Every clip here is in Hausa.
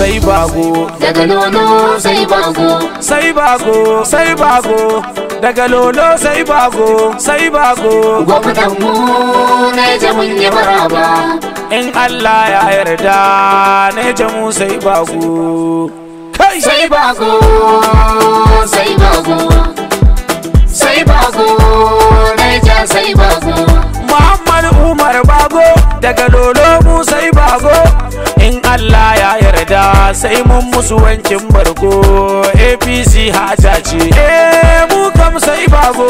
sai bago daga lolo sai bago sai bago sai bago daga lolo sai bago sai bago gwamnan mu ne jamun ya maraba in Allah ya yarda na jamu sai bago kai sai bago sai bago sai mun musu wankin barko apc haja ce eh mu kam sai bago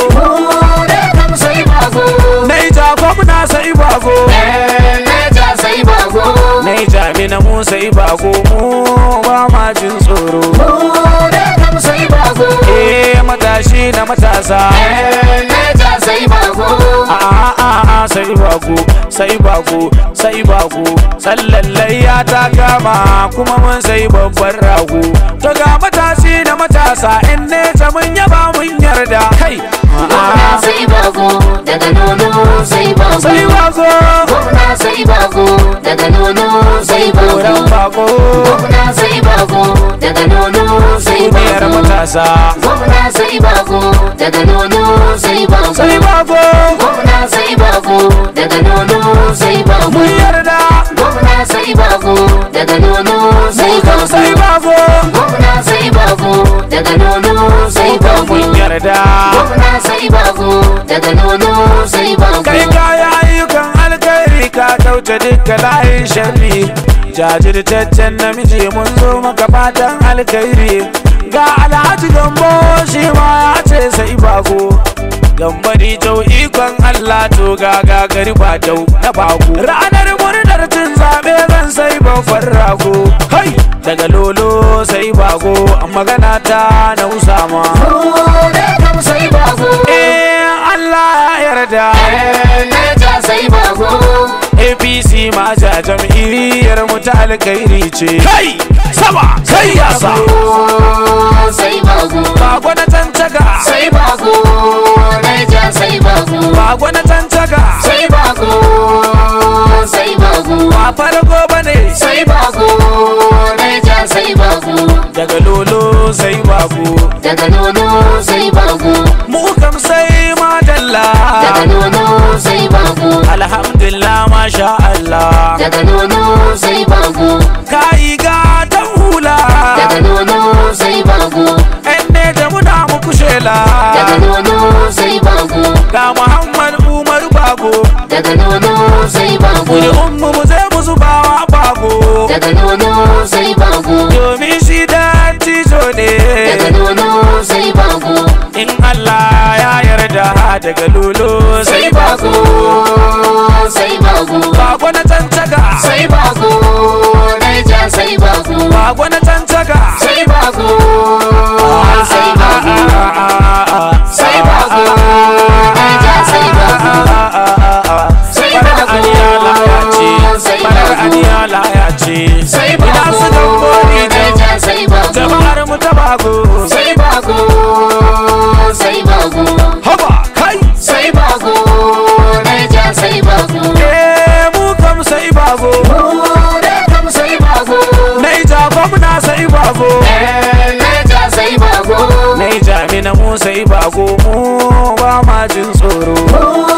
naija gwamna sai bago eh, naija mina mu sai bago mu ba ma jin tsoro eh matashi na matasa eh, sai bako sai bako sai bako sallan layya ta gama kuma mun sai babbar rago to ga matasi da matasa in ne ta mun yaba mun yarda kai sai bako daga nono sai bako sai bako gwamna sai bako daga nono sai bako gwamna sai bako daga nono sai bako matasa gwamna sai bako daga nono sai bako sai bako gwamna sai bako daga nono sai bako mun yarda gwamna sai bako daga nono sai bako sai bako gwamna sai bako daga nono sai bako mun yarda gwamna sai bako daga nono sai bako kai kaya ayyukan alkhairi ka kauce dukkan layin sharri jajirtaccen namiji mun zo maka fatan alkhairi ga alhaji gambo shi ma ya ce sai bako gambari jau ikon Allah to ga gagari ba jau na bago ranar murnar cin zabe zan sai babban rago kai daga lolo sai bako magana ta na usama sai bako? eh Allah ya yarda eh sai bago APC ma ja jam'iyyar mu ta alkhairi ce kai sama sai yasa sai nono sai bago mu kam sai madalla daga nono sai bago alhamdulillah masha Allah daga nono sai bago kai ga ta hula daga nono sai bago enne da muna muku shela daga nono sai bago ga Muhammad Umar bago daga nono ya yarda daga lulu sai bako sai bako bako na tantaka sai bako naija sai bako bako na tantaka sai bako sai bako sai bako naija sai bako sai bako sai bako sai sai bako jama'ar mu ta sai ba mu ba ma jin tsoro